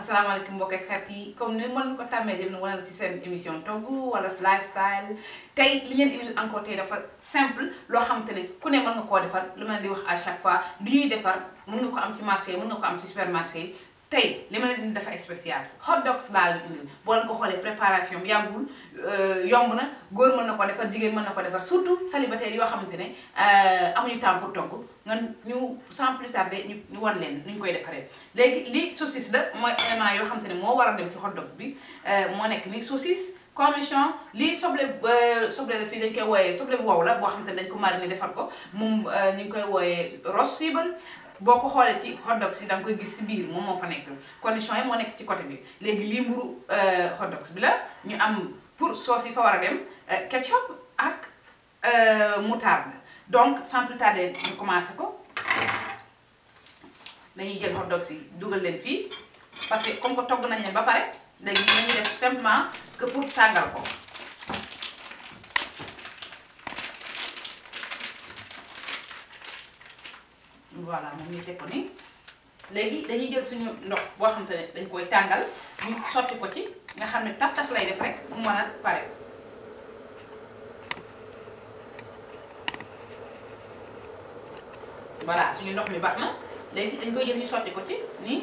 asalaamaaleykum mbokk ak xarit yi comme ni ma ko tàmmee di leen wanal ci seen émission togg wala lifestyle tey li ngeen indil encore tey dafa simple loo xamante ne ku ne mën nga koo defar lu ma di wax à chaque fois du ñuy defar mën nga ko am ci marché mën nga ko am ci supermarché tey li ma leen indi dafa spécial hot dogs laa leen indil boo leen ko xoolee préparation bi yàggul euh, yomb na góor mën na ko defar jigéen mën na ko defar surtout célibataire yoo xamante ne euh, amuñu temps pour togg nga ñu sans plus tarder ñu ñu wan leen nu ñu koy defaree. léegi li saucisse la mooy élément yoo xamante ne moo war a dem ci hot dog bi euh, moo nekk ni saucisse cornichon lii soble soble la fii dañ koy wooyee soble bu wow la boo xamante ne dañ ko mariner defar ko moom ñu ngi koy wooyee boo ko xoolee ci hot dogs yi da nga koy gis si biir moom moo fa nekk condition yi moo nekk ci côté bi léegi lii mburu euh, hot bi la ñu am pour sauce yi fa war a dem euh, ketchup ak euh, moutarde donc sans plus tarder ñu commencé ko dañuy jël hot dogs yi dugal leen fii parce que comme ko togg nañ leen ba pare léegi ñu def simplement que pour tàngal ko voilà moom ñu teg ko nii léegi dañuy jël suñu ndox boo xam te dañ koy tàngal ñu sotti ko ci nga xam ne taf taf lay def rek mu mën pare voilà suñu ndox mi baax na léegi dañ koy jël ñu sotti ko ci nii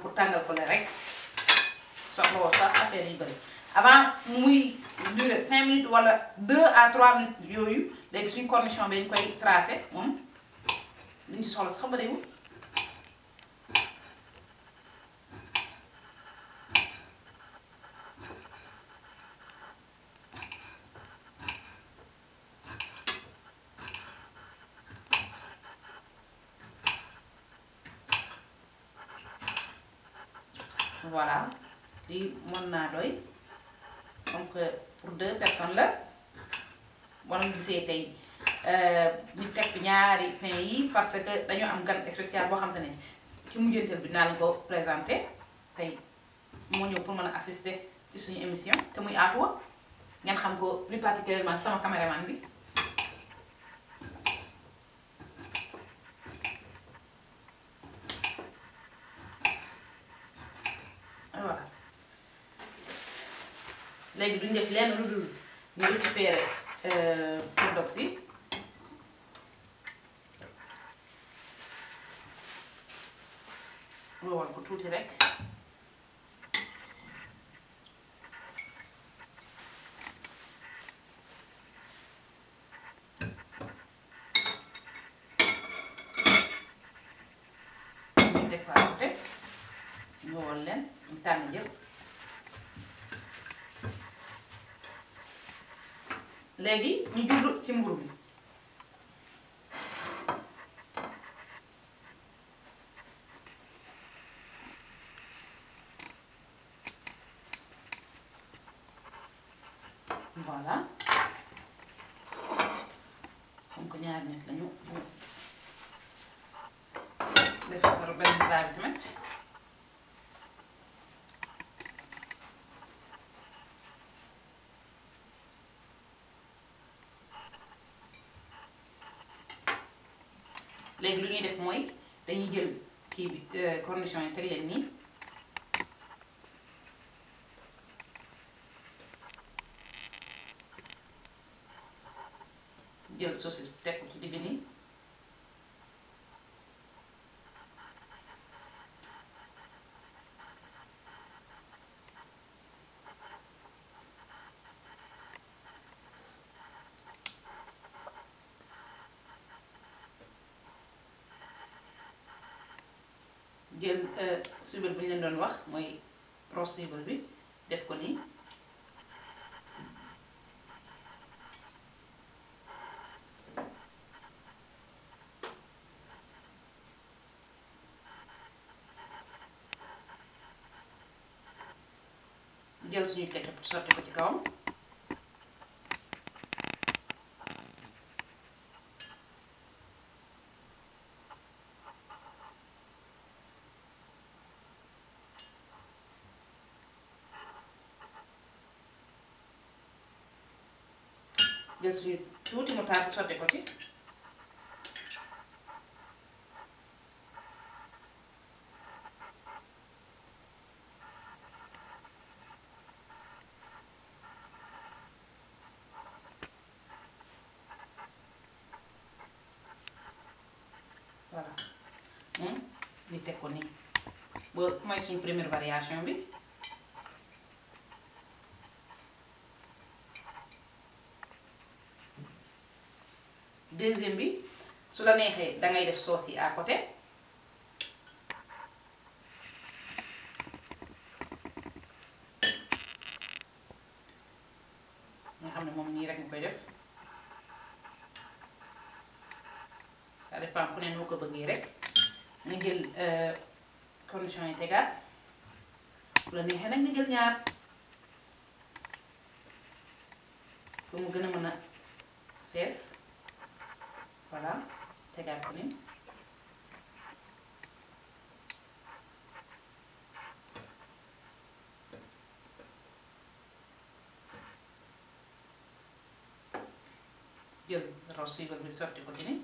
pour tanga ko le rek soxlo sa affaire yi bari avant il dure 5 minutes wala 2 à 3 minutes yoyu légui suñ cornichon bañ koy tracer mom liñ ci soxlo sax bari wu voilà lii mon na doy donc euh, pour deux personnes là wala mu tay euh ñu teg ñaari pain yi parce que dañu am gan spécial bo xam ci mujjantal bi naa la ko présenté tey moo ñëw pour mën assister ci suñu émission te muy Atoua ñen xam ko plus particulièrement sama caméraman bi. léegi duñ def lenn lu dul ñu récupéré indox euh, yi loo woon ko tuuti rek ñu départé ñu woon leen ñu tànn jël legi ñu jublu ci bi voilà comme que nit lañu def benn plat tamit léegi lu def mooy dañuy jël kii bi euh, cornichon yi nii jël saucisse teg ko ci digg jël euh, subar bi ñu leen doon wax mooy ros bi def ko nii jël suñu ketchup sotti ko ci kawam del suive tuuti mu taal sotte ko ci voilà moom ñu teg ko nii ba mooy suñu première deuxième bi su la neexee da def soos yi à côté nga xam ne moom nii rek nga koy def ça dépend ku ne noo ko bëggee rek nga jël euh, condition yi tegaat su la neexee nag nga jël ñaar pour mu gën a mën a fees Voilà, t er v e l o m n Gjør rossi godt med s v r t e kokkene.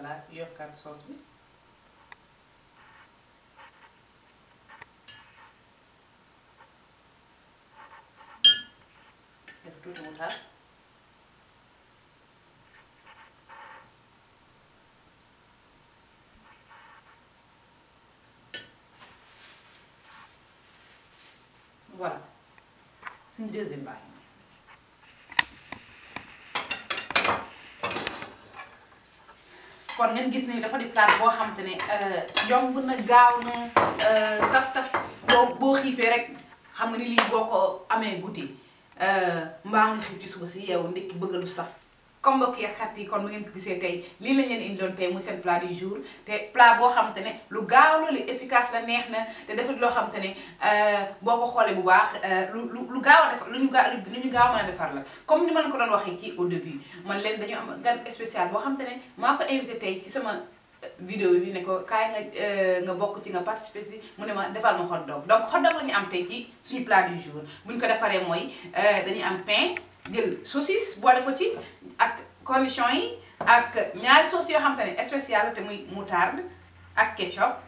voilà, your can source me. Et tout le monde a. Voilà. C'est une deuxième bague. kon ngeen gis ne dafa di boo xam te ne euh, yomb na gaaw na euh, taf-taf boo boo xiifee rek xam nga ni lii boo ko amee guddi euh, mbaa nga xiif ci suba si yeewu ndekki bëggalu saf comme mbokk yi ak xarit yi kon mu ngeen ko gisee tey lii lañ leen indiloon tey muy seen plat du jour te plat boo xam ne lu gaaw la neex na te defit loo xam te ne euh, boo xoolee bu baax euh, lu lu lu gaaw a defar lu ñu gaaw lu ñu gaaw a defar la comme ni ma leen ko doon waxee ci de début man leen dañu am gan spécial boo xam ne maa ko invité tey ci sama euh, vidéo bi ne ko kaay nga nga bokk ci nga participer si mu ne ma defal ma hot dog donc hot dog la ñu am tey ci suñu plat du jour bu ko defaree mooy dañuy am pain jël saucisse boole ko ci ak cornichon yi ak ñaari sauce yoo xam te ne spéciale te muy moutarde ak ketchup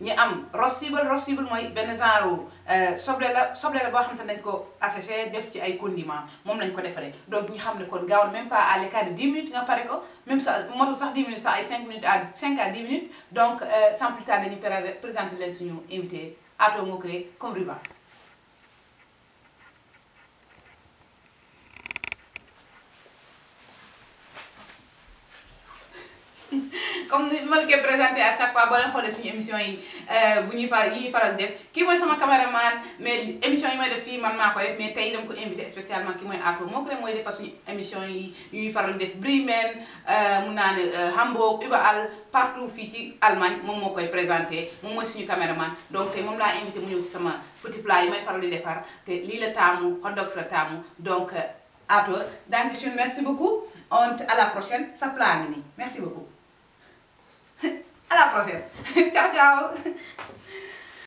ñu am rossible rossible mooy benn genre euh, soble la soble la boo xam te ne dañ ko asséché def ci ay condiment moom lañ ko defaree donc ñu xam ne kon gaawal même pas à l'écart de minutes nga pare ko même sa motul sax 10 minutes sax ay 5 minutes à 5 à 10 minutes donc euh, sans plus tarder dañu présenter leen suñu invité Ato Moukré comme ruban comme ni ma la koy présenté à chaque fois boo leen de suñu émission yi euh, bu ñuy faral yi ñuy faral def kii mooy sama caméraman mais émission yi may def fii man maa ko def mais tey dama ko invité spécialement ki mooy Atou moo ko def mooy defar suñu émission yi ñuy faral def Bremen euh, mun naa ne euh, Hamburg Überall partout fii ci Allemagne moom moo koy présenté moom mooy suñu caméraman donc tey moom la invité mu ñëw ci sama petit plat yi may faral di defar te lii la taamu hot dogs la taamu donc Atou Dankeschön merci beaucoup und à la prochaine sa plat ngi merci beaucoup. a la próxima. chao, chao.